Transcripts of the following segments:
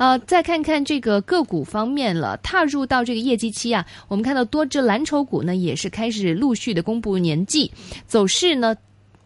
呃，再看看這個個股方面了。踏入到這個業績期啊，我們看到多隻藍籌股呢，也是開始陸續的公布年績走勢呢。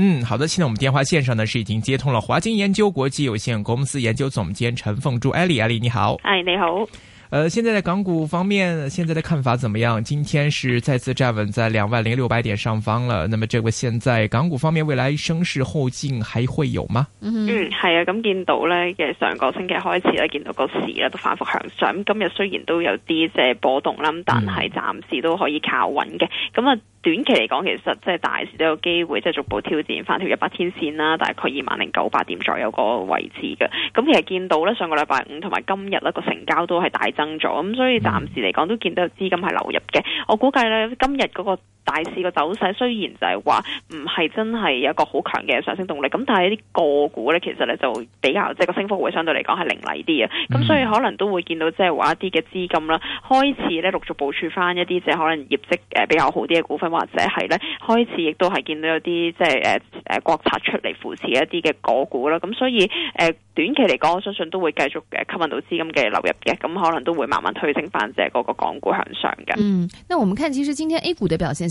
嗯，好的。現在我們電話線上呢是已經接通了華金研究國際有限公司研究總監陳鳳珠，Ellie，Ellie 你好，Hi，你好。呃，現在喺港股方面，現在的看法怎麼樣？今天是再次站穩在兩萬零六百點上方了。那麼，這位現在港股方面未來升勢後勁還會有嗎？嗯，係啊，咁見到呢，嘅上個星期開始咧見到個市咧都反覆向上。今日雖然都有啲即係波動啦，但係暫時都可以靠穩嘅。咁、嗯、啊，短期嚟講，其實即係大市都有機會即係逐步挑戰翻條一百天線啦，大概二萬零九百點左右個位置嘅。咁其實見到呢，上個禮拜五同埋今日呢個成交都係大。增咗咁，所以暫時嚟講都見到資金係流入嘅。我估計咧，今日嗰個大市個走勢雖然就係話唔係真係有一個好強嘅上升動力，咁但係一啲個股咧，其實咧就比較即係個升幅會相對嚟講係凌厲啲嘅，咁所以可能都會見到即係話一啲嘅資金啦，開始咧陸續部署翻一啲即係可能業績誒比較好啲嘅股份，或者係咧開始亦都係見到有啲即係誒誒國策出嚟扶持一啲嘅個股啦，咁所以誒短期嚟講，我相信都會繼續誒吸引到資金嘅流入嘅，咁可能都會慢慢推升翻即係嗰個港股向上嘅。嗯，那我們看其實今天 A 股嘅表現。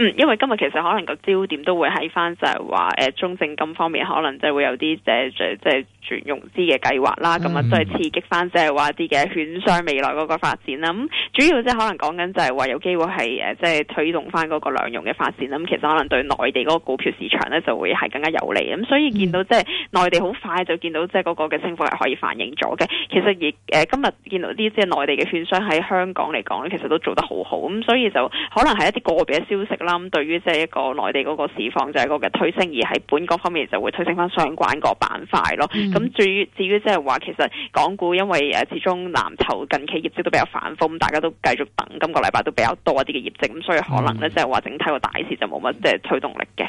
嗯，因為今日其實可能個焦點都會喺翻就係話誒中證金方面，可能即係會有啲即係即係轉融資嘅計劃啦，咁啊都係刺激翻即係話啲嘅券商未來嗰個發展啦。咁、嗯、主要即係可能講緊就係話有機會係誒即係推動翻嗰個兩融嘅發展啦。咁、嗯、其實可能對內地嗰個股票市場咧就會係更加有利。咁所以見到即係內地好快就見到即係嗰個嘅升幅係可以反映咗嘅。其實亦誒、呃、今日見到啲即係內地嘅券商喺香港嚟講咧，其實都做得好好。咁、嗯、所以就可能係一啲個別嘅消息。咁對於即係一個內地嗰個市況就係個嘅推升，而喺本港方面就會推升翻相關個板塊咯。咁、嗯、至於至於即係話其實港股因為誒始終藍籌近期業績都比較反覆，咁大家都繼續等，今個禮拜都比較多一啲嘅業績，咁所以可能咧即係話整體個大市就冇乜即係推動力嘅。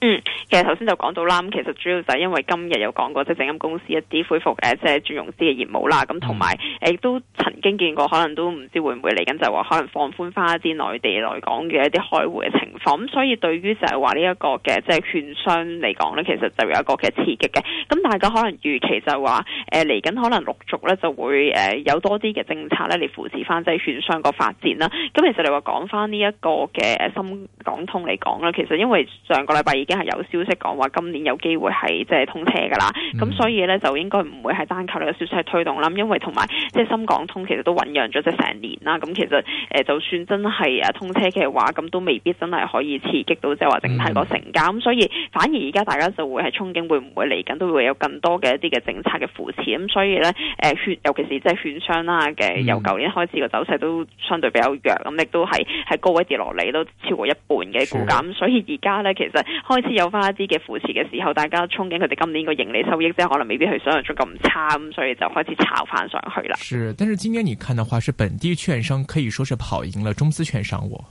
嗯，其實頭先就講到啦，咁其實主要就係因為今日有講過即係證金公司一啲恢復誒即係轉融資嘅業務啦，咁同埋誒亦都曾經見過，可能都唔知會唔會嚟緊就係話可能放寬翻一啲內地嚟講嘅一啲開戶嘅情況，咁所以對於就係話呢一個嘅即係券商嚟講咧，其實就有一個嘅刺激嘅，咁大家可能預期就係話誒嚟緊可能陸續咧就會誒有多啲嘅政策咧嚟扶持翻即係券商個發展啦，咁其實你話講翻呢一個嘅深港通嚟講啦，其實因為上個禮拜已經係有消息講話今年有機會係即係通車噶啦，咁、嗯、所以咧就應該唔會係單靠呢個消息推動啦，因為同埋即係深港通其實都醞釀咗即成年啦，咁其實誒、呃、就算真係啊通車嘅話，咁都未必真係可以刺激到即係話整體個成交，咁、嗯、所以反而而家大家就會係憧憬會唔會嚟緊都會有更多嘅一啲嘅政策嘅扶持，咁、嗯、所以咧誒券尤其是即係券商啦嘅、嗯、由舊年開始個走勢都相對比較弱，咁、嗯嗯、亦都係係高位跌落嚟都超過一半嘅股價，咁所以而家咧其實開始有翻一啲嘅扶持嘅時候，大家憧憬佢哋今年個盈利收益即係，可能未必去想象中咁差，咁所以就開始炒翻上去啦。是，但是今天你看的話，是本地券商可以說是跑贏了中資券商我。我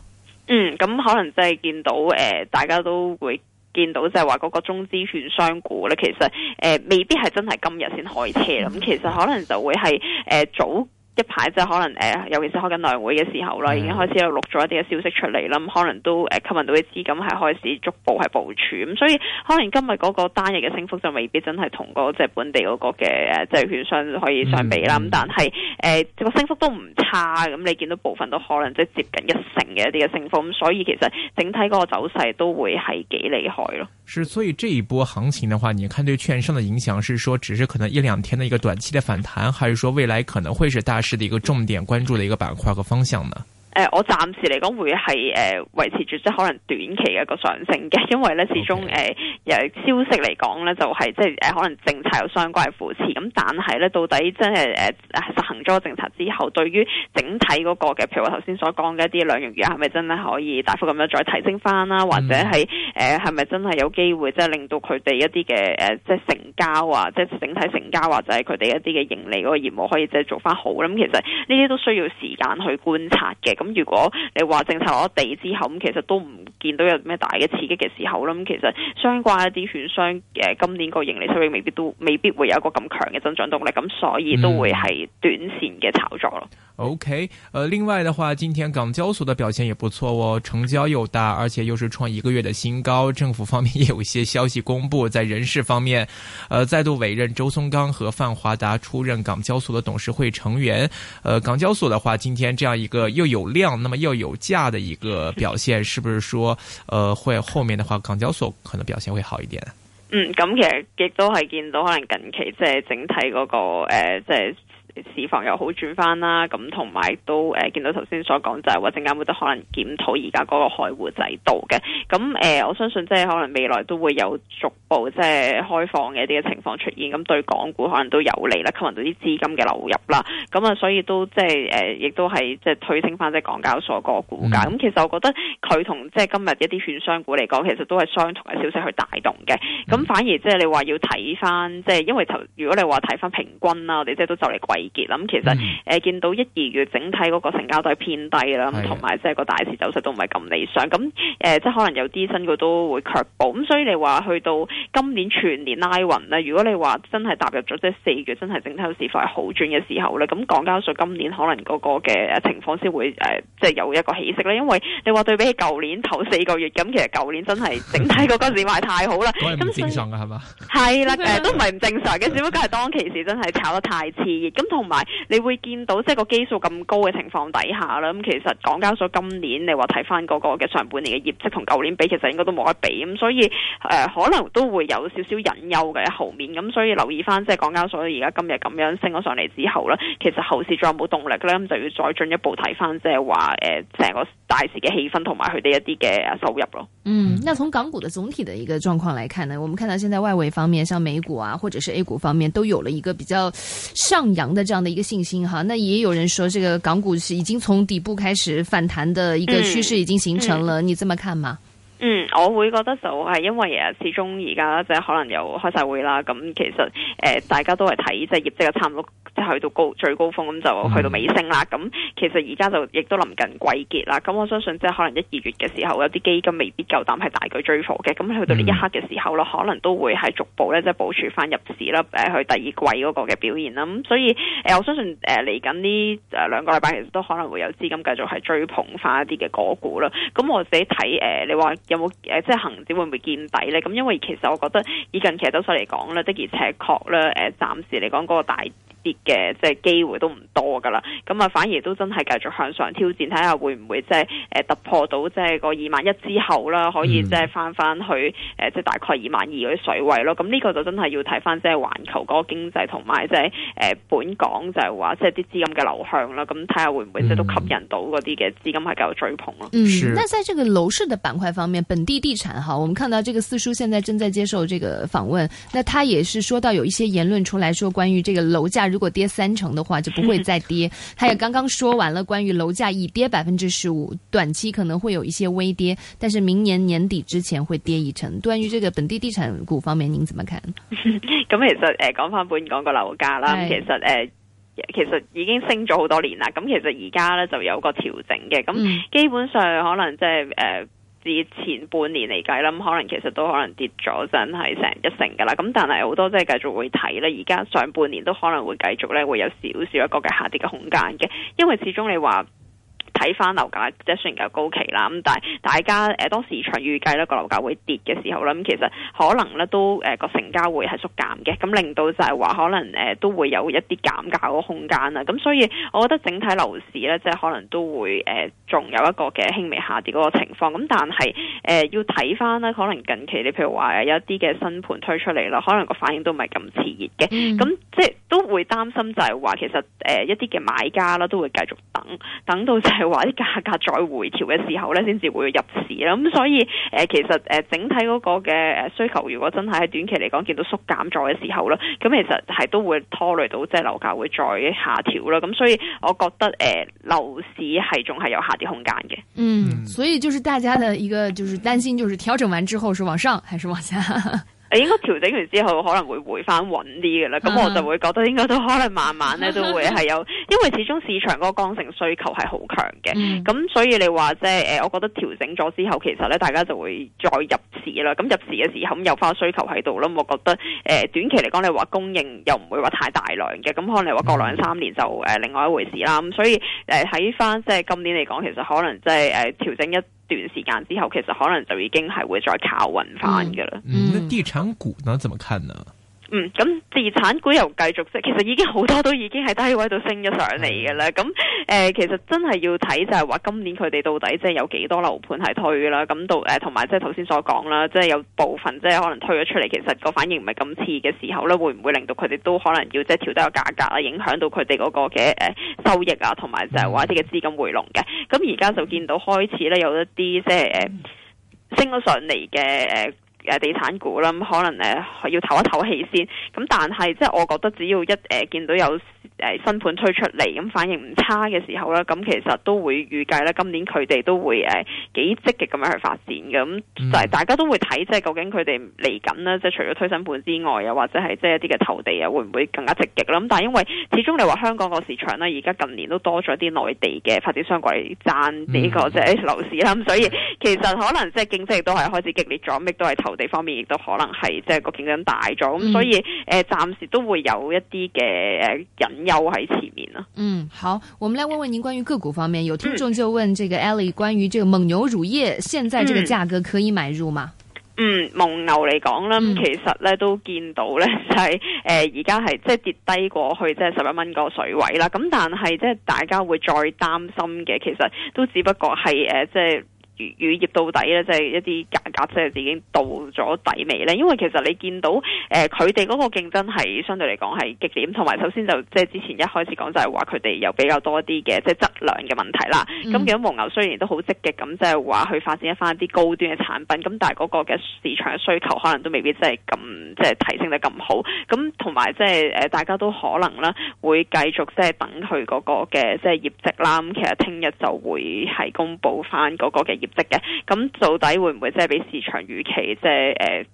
嗯，咁、嗯嗯、可能即係見到誒、呃，大家都會見到就係話嗰個中資券商股咧，其實誒、呃、未必係真係今日先開車咁、嗯、其實可能就會係誒、呃、早。一排即係可能誒、呃，尤其是開緊兩會嘅時候啦，已經開始有錄咗一啲嘅消息出嚟啦，咁可能都誒吸引到啲資金係開始逐步係部署，咁所以可能今日嗰個單日嘅升幅就未必真係同嗰即係本地嗰個嘅誒證券商可以相比啦，咁、嗯、但係誒個升幅都唔差，咁你見到部分都可能即係接近一成嘅一啲嘅升幅，咁所以其實整體嗰個走勢都會係幾厲害咯。是，所以這一波行情嘅話，你看對券商嘅影響是說，只是可能一兩天嘅一個短期嘅反彈，還是說未來可能會是大事？是的一個重點關注的一個板塊和方向呢？誒、呃，我暫時嚟講會係誒維持住即係可能短期嘅一個上升嘅，因為咧、okay。始終誒誒消息嚟講咧就係、是、即係誒可能政策有相關嘅扶持，咁但係咧到底真係誒、呃、實行咗政策之後，對於整體嗰個嘅譬如我頭先所講嘅一啲兩融餘額係咪真係可以大幅咁樣再提升翻啦，或者係誒係咪真係有機會即係令到佢哋一啲嘅誒即係成交啊，即係整體成交或者係佢哋一啲嘅盈利嗰個業務可以即係做翻好，咁其實呢啲都需要時間去觀察嘅。咁如果你話政策落地之後，咁其實都唔見到有咩大嘅刺激嘅時候啦。咁其實相關一啲券商誒今年個盈利收益未必都未必會有一個咁強嘅增長動力，咁所以都會係短線嘅炒作咯、嗯。OK，呃，另外的話，今天港交所的表現也不錯，哦，成交又大，而且又是創一個月的新高。政府方面也有一些消息公布，在人事方面，誒、呃、再度委任周松崗和范華達出任港交所嘅董事會成員。誒、呃、港交所嘅話，今天這樣一個又有。量，那麼又有價的一個表現，是不是說，呃，會後面的話港交所可能表現會好一點？嗯，咁其實亦都係見到，可能近期即係整體嗰、那個誒，即、呃、係。就是市況又好轉翻啦，咁同埋都誒見到頭先所講就係話證監會都可能可檢討而家嗰個開戶制度嘅，咁誒我相信即係可能未來都會有逐步即係開放嘅一啲嘅情況出現，咁對港股可能都有利啦，吸引到啲資金嘅流入啦，咁啊所以都即係誒，亦都係即係推升翻即係港交所個股價。咁、嗯、其實我覺得佢同即係今日一啲券商股嚟講，其實都係相同嘅消息去帶動嘅，咁反而即係你話要睇翻即係因為頭如果你話睇翻平均啦，我哋即係都就嚟貴。咁其實誒、嗯、見到一二月整體嗰個成交都係偏低啦，同埋即係個大市走勢都唔係咁理想。咁誒、呃、即係可能有啲新股都會卻步。咁所以你話去到今年全年拉勻咧，如果你話真係踏入咗即係四月，真係整體市況係好轉嘅時候咧，咁港交所今年可能嗰個嘅情況先會誒即係有一個起色咧。因為你話對比起舊年頭四個月，咁其實舊年真係整體嗰個市況太好啦，咁 正常嘅係嘛？係、嗯、啦，誒、 呃、都唔係唔正常嘅，只不過係當其時真係炒得太熾熱、 嗯，咁同埋你會見到即係個基數咁高嘅情況底下啦，咁其實港交所今年你話睇翻嗰個嘅上半年嘅業績同舊年比，其實應該都冇得比咁，所以誒、呃、可能都會有少少隱憂嘅喺後面。咁所以留意翻即係港交所而家今日咁樣升咗上嚟之後咧，其實後市再有冇動力咧？咁就要再進一步睇翻即係話誒成個大市嘅氣氛同埋佢哋一啲嘅收入咯。嗯，那從港股嘅總體嘅一個狀況嚟看呢，我們看到現在外圍方面，像美股啊，或者是 A 股方面，都有了一個比較上揚嘅。這樣的一個信心哈，那也有人說這個港股是已經從底部開始反彈的一個趨勢已經形成了，嗯嗯、你這麼看嗎？嗯，我會覺得就係因為誒，始終而家即係可能又開晒會啦，咁其實誒、呃，大家都係睇即係業績嘅差唔多，即係去到高最高峰咁就去到尾聲啦。咁、嗯、其實而家就亦都臨近季結啦，咁我相信即係可能一二月嘅時候有啲基金未必夠膽係大舉追貨嘅，咁去到呢一刻嘅時候咯、嗯，可能都會係逐步咧即係保持翻入市啦，誒去第二季嗰個嘅表現啦。咁所以誒、呃，我相信誒嚟緊呢誒兩個禮拜其實都可能會有資金繼續係追捧翻一啲嘅個股啦。咁我自己睇誒、呃，你話。有冇誒，即係恒指會唔會見底咧？咁因為其實我覺得以近期走勢嚟講咧，的而且確咧誒，暫時嚟講嗰個大，嘅即係機會都唔多噶啦，咁啊反而都真係繼續向上挑戰，睇下會唔會即係誒突破到即係個二萬一之後啦，可以即係翻翻去誒即係大概二萬二嗰啲水位咯。咁呢個就真係要睇翻即係環球嗰個經濟同埋即係誒本港就係話即係啲資金嘅流向啦。咁睇下會唔會即係都吸引到嗰啲嘅資金係繼續追捧咯。嗯，那在這個樓市的板塊方面，本地地產哈，我們看到這個四叔現在正在接受這個訪問，那他也是說到有一些言論出嚟，說關於這個樓價。嗯如果跌三成的話，就不會再跌。還有剛剛說完了關於樓價已跌百分之十五，短期可能會有一些微跌，但是明年年底之前會跌一成。關於這個本地地產股方面，您怎麼看？咁 其實誒、呃，講翻本港個樓價啦，其實誒、呃，其實已經升咗好多年啦。咁其實而家呢，就有個調整嘅，咁基本上可能即係誒。呃之前半年嚟計啦，咁可能其實都可能跌咗，真係成一成㗎喇。咁但係好多即係繼續會睇呢。而家上半年都可能會繼續咧，會有少少一個嘅下跌嘅空間嘅，因為始終你話，睇翻樓價，即係雖然有高企啦，咁但係大家誒當市場預計咧個樓價會跌嘅時候啦，咁其實可能咧都誒個、呃、成交會係縮減嘅，咁令到就係話可能誒都會有一啲減價嘅空間啊，咁所以我覺得整體樓市咧即係可能都會誒仲有一個嘅輕微下跌嗰個情況，咁但係誒、呃、要睇翻咧可能近期你譬如話有一啲嘅新盤推出嚟啦，可能個反應都唔係咁熾熱嘅，咁、嗯、即係都會擔心就係話其實誒一啲嘅買家啦都會繼續等，等到就係、是。或者價格再回調嘅時候咧，先至會入市啦。咁所以誒、呃，其實誒、呃，整體嗰個嘅誒需求，如果真係喺短期嚟講見到縮減咗嘅時候咧，咁其實係都會拖累到即係樓價會再下調啦。咁所以我覺得誒，呃、樓市係仲係有下跌空間嘅。嗯，所以就是大家的一個就是擔心，就是調整完之後是往上還是往下？ 誒，應該調整完之後可能會回翻穩啲嘅啦，咁我就會覺得應該都可能慢慢咧都會係有，因為始終市場嗰個剛性需求係好強嘅，咁所以你話即係誒，我覺得調整咗之後，其實咧大家就會再入市啦，咁入市嘅時候咁有翻需求喺度啦，我覺得誒、呃、短期嚟講你話供應又唔會話太大量嘅，咁可能你話過兩三年就誒、呃、另外一回事啦，咁所以誒睇翻即係今年嚟講，其實可能即係誒調整一。段時間之後，其實可能就已經係會再靠運翻㗎啦。嗯，那地產股呢？怎麼看呢？嗯，咁自產股又繼續，即其實已經好多都已經喺低位度升咗上嚟嘅啦。咁誒、呃，其實真係要睇就係話今年佢哋到底即係有幾多樓盤係推啦。咁到誒，同埋即係頭先所講啦，即、就、係、是、有部分即係可能推咗出嚟，其實個反應唔係咁次嘅時候咧，會唔會令到佢哋都可能要即係調低個價格啊，影響到佢哋嗰個嘅誒、呃、收益啊，同埋就係話一啲嘅資金回籠嘅。咁而家就見到開始咧有一啲即係誒升咗上嚟嘅誒。呃誒地產股啦，咁可能誒要唞一唞氣先。咁但係即係我覺得，只要一誒見到有。誒新盤推出嚟咁反應唔差嘅時候咧，咁其實都會預計咧，今年佢哋都會誒幾積極咁樣去發展嘅。咁、嗯、就係大家都會睇，即係究竟佢哋嚟緊呢？即係除咗推新盤之外，又或者係即係一啲嘅投地啊，會唔會更加積極？咁但係因為始終你話香港個市場咧，而家近年都多咗啲內地嘅發展商嚟爭呢個即係樓市啦，咁所以其實可能即係競爭亦都係開始激烈咗，亦都係投地方面亦都可能係即係個競爭大咗。咁、嗯、所以誒，暫時都會有一啲嘅誒引。又喺前面啦。嗯，好，我們來問問您關於個股方面，有聽眾就問這個 Ellie 關於這個蒙牛乳業，現在這個價格可以買入嗎？嗯，蒙牛嚟講啦，其實咧都見到咧就係誒而家係即係跌低過去即係十一蚊個水位啦。咁但係即係大家會再擔心嘅，其實都只不過係誒即係。呃就是乳業到底咧，即係一啲價格即係已經到咗底尾咧。因為其實你見到誒佢哋嗰個競爭係相對嚟講係激烈，同埋首先就即係之前一開始講就係話佢哋有比較多啲嘅即係質量嘅問題啦。咁如果蒙牛雖然都好積極咁，即係話去發展一翻啲高端嘅產品，咁但係嗰個嘅市場嘅需求可能都未必即係咁即係提升得咁好。咁同埋即係誒大家都可能咧會繼續即係等佢嗰個嘅即係業績啦。咁其實聽日就會係公布翻嗰個嘅業績。業績嘅，咁到底會唔會即係比市場預期即係、就是呃、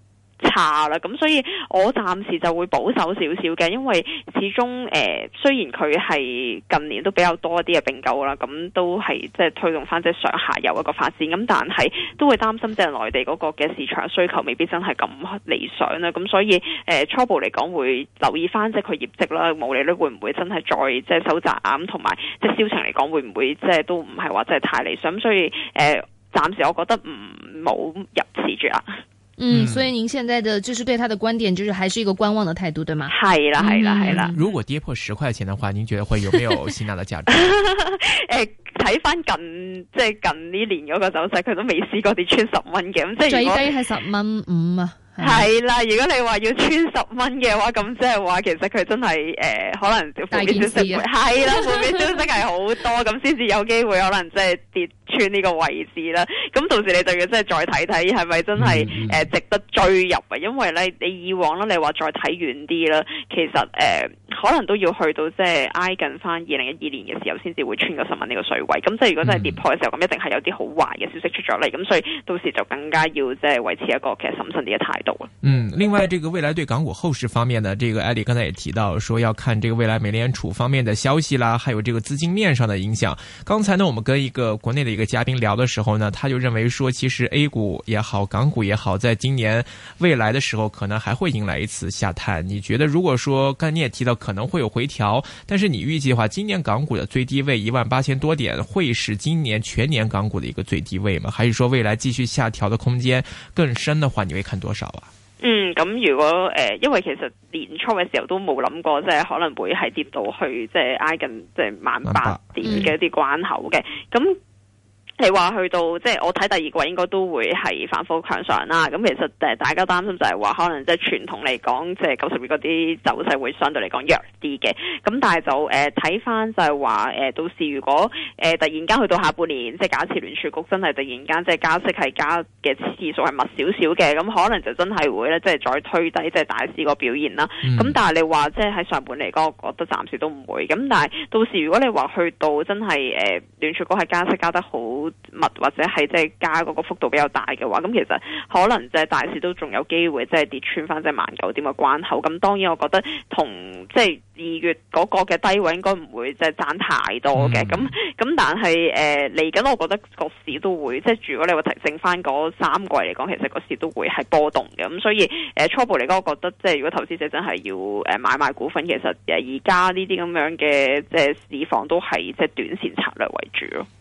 差啦？咁所以我暫時就會保守少少嘅，因為始終、呃、雖然佢係近年都比較多一啲嘅並購啦，咁都係即係推動翻即係上下游一個發展，咁但係都會擔心即係內地嗰個嘅市場需求未必真係咁理想啦。咁所以、呃、初步嚟講會留意翻即係佢業績啦，毛利率會唔會真係再即係收窄啊？同埋即係銷情嚟講會唔會即係都唔係話真係太理想？所以、呃暫時我覺得唔好入市住啊。嗯，所以您現在的就是對他的觀點，就是還是一個觀望的態度，對嗎？係啦，係啦，係、嗯、啦，啦。如果跌破十塊錢的話，您覺得會有沒有吸納的價值？誒 呃，睇翻近即係近呢年嗰個走勢，佢都未試過跌穿十蚊嘅，咁即係最低係十蚊五啊。 係啦，如果你話要穿十蚊嘅話，咁即係話其實佢真係誒、呃，可能負面消息，係啦、啊，負面消息係好多，咁先至有機會可能即係跌穿呢個位置啦。咁到時你對佢即係再睇睇，係咪真係誒值得追入啊？因為咧，你以往咧，你話再睇遠啲啦，其實誒。呃可能都要去到即係挨近翻二零一二年嘅時，時候，先至會穿過十萬呢個水位。咁即係如果真係跌破嘅時候，咁一定係有啲好壞嘅消息出咗嚟。咁所以到時就更加要即係維持一個其實審慎啲嘅態度。嗯，另外，這個未來對港股後市方面呢，這個 Ellie 剛才也提到，說要看這個未來美聯儲方面的消息啦，還有這個資金面上的影響。剛才呢，我們跟一個國內的一個嘉賓聊的時候呢，他就認為說其實 A 股也好，港股也好，在今年未來的時候，可能還會迎來一次下探。你覺得，如果說，剛才你也提到可。可能會有回調，但是你預計的話今年港股的最低位一萬八千多點，會是今年全年港股的一個最低位嗎？還是說未來繼續下調的空間更深的話，你會看多少啊？嗯，咁如果誒、呃，因為其實年初嘅時候都冇諗過，即係可能會係跌到去即係挨近即係萬八點嘅一啲關口嘅，咁、嗯。你話去到即係我睇第二季應該都會係反覆向上啦。咁其實誒大家擔心就係話可能即係傳統嚟講即係九十月嗰啲走勢會相對嚟講弱啲嘅。咁但係就誒睇翻就係話誒到時如果誒、呃、突然間去到下半年，即係假設聯儲局真係突然間即係加息係加嘅次數係密少少嘅，咁可能就真係會咧即係再推低即係大市個表現啦。咁、嗯、但係你話即係喺上半嚟講，我覺得暫時都唔會。咁但係到時如果你話去到真係誒聯儲局係加息加得好。物或者係即係加嗰個幅度比較大嘅話，咁其實可能就係大市都仲有機會即係跌穿翻即係萬九點嘅關口。咁當然我、嗯呃我呃，我覺得同即係二月嗰個嘅低位應該唔會即係爭太多嘅。咁咁但係誒嚟緊，我覺得個市都會即係如果你話提升翻嗰三季嚟講，其實個市都會係波動嘅。咁所以誒初步嚟講，我覺得即係如果投資者真係要誒買賣股份，其實而家呢啲咁樣嘅即係市況都係即係短線策略為主咯。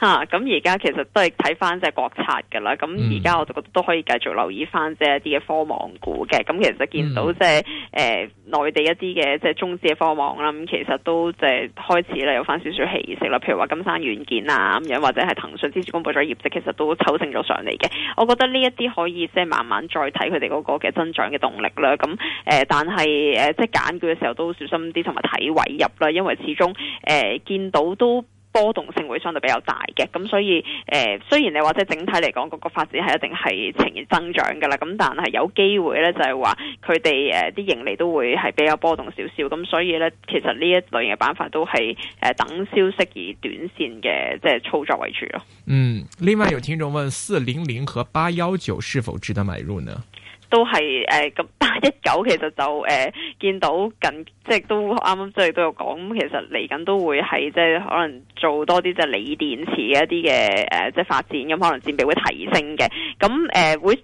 嚇！咁而家其實都係睇翻即係國策嘅啦。咁而家我就覺得都可以繼續留意翻即係一啲嘅科網股嘅。咁其實就見到即係誒內地一啲嘅即係中資嘅科網啦。咁其實都即係開始咧有翻少少氣息啦。譬如話金山軟件啊咁樣，或者係騰訊之前公布咗業績，其實都抽升咗上嚟嘅。我覺得呢一啲可以即係慢慢再睇佢哋嗰個嘅增長嘅動力啦。咁誒，但係誒即係揀佢嘅時候都小心啲，同埋睇位入啦。因為始終誒見到都波動性會相對比較大嘅，咁所以誒，雖然你話即係整體嚟講嗰個發展係一定係呈現增長噶啦，咁但係有機會咧就係話佢哋誒啲盈利都會係比較波動少少，咁所以咧其實呢一類嘅板塊都係誒等消息而短線嘅即係操作為主咯。嗯，另外有聽眾問：四零零和八幺九是否值得買入呢？都係誒咁，但、呃、係八一九其實就誒、呃、見到近即係都啱啱即係都有講，其實嚟緊都會係即係可能做多啲即係鋰電池嘅一啲嘅誒即係發展，咁、嗯、可能佔比會提升嘅。咁誒、呃、會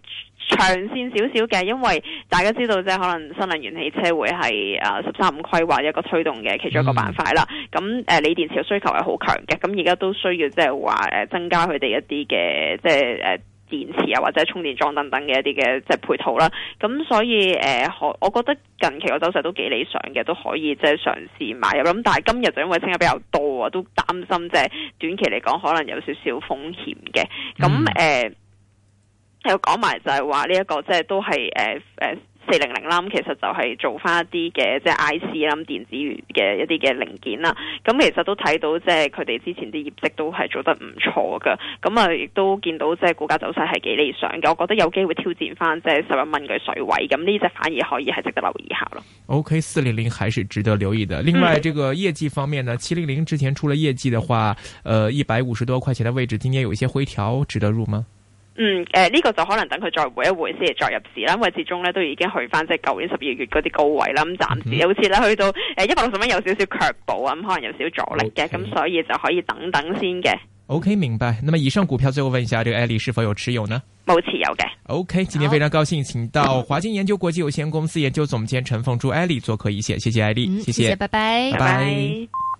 長線少少嘅，因為大家知道即係可能新能源汽車會係誒十三五規劃一個推動嘅其中一個板塊啦。咁誒鋰電池嘅需求係好強嘅，咁而家都需要即係話誒增加佢哋一啲嘅即係誒。呃電池啊，或者充電樁等等嘅一啲嘅即係配套啦，咁所以誒，我覺得近期個走勢都幾理想嘅，都可以即係嘗試買入。咁但係今日就因為升得比較多啊，都擔心即係短期嚟講可能有少少風險嘅。咁、嗯、誒，又講埋就係話呢一個即係都係誒誒。呃四零零啦，咁其實就係做翻一啲嘅即係 IC 啦，電子嘅一啲嘅零件啦，咁其實都睇到即係佢哋之前啲業績都係做得唔錯噶，咁啊亦都見到即係股價走勢係幾理想嘅，我覺得有機會挑戰翻即係十一蚊嘅水位，咁呢隻反而可以係值得留意下咯。OK，四零零還是值得留意的。另外，這個業績方面呢，七零零之前出了業績的話，呃，一百五十多塊錢的位置，今年有一些回調，值得入嗎？嗯，誒、呃，呢、這個就可能等佢再回一回先再入市啦，因為始終咧都已經去翻即係舊年十二月嗰啲高位啦。咁、嗯、暫時好似咧去到誒一百六十蚊有少少卻步啊，咁、嗯、可能有少,少阻力嘅，咁、okay. 嗯、所以就可以等等先嘅。OK，明白。那麼以上股票最後問一下，這個 Ellie 是否有持有呢？冇持有嘅。OK，今天非常高興，請到華金研究國際有限公司研究總監陳鳳珠 Ellie 做客一線，謝謝 Ellie、嗯，謝謝，拜拜，拜,拜。拜拜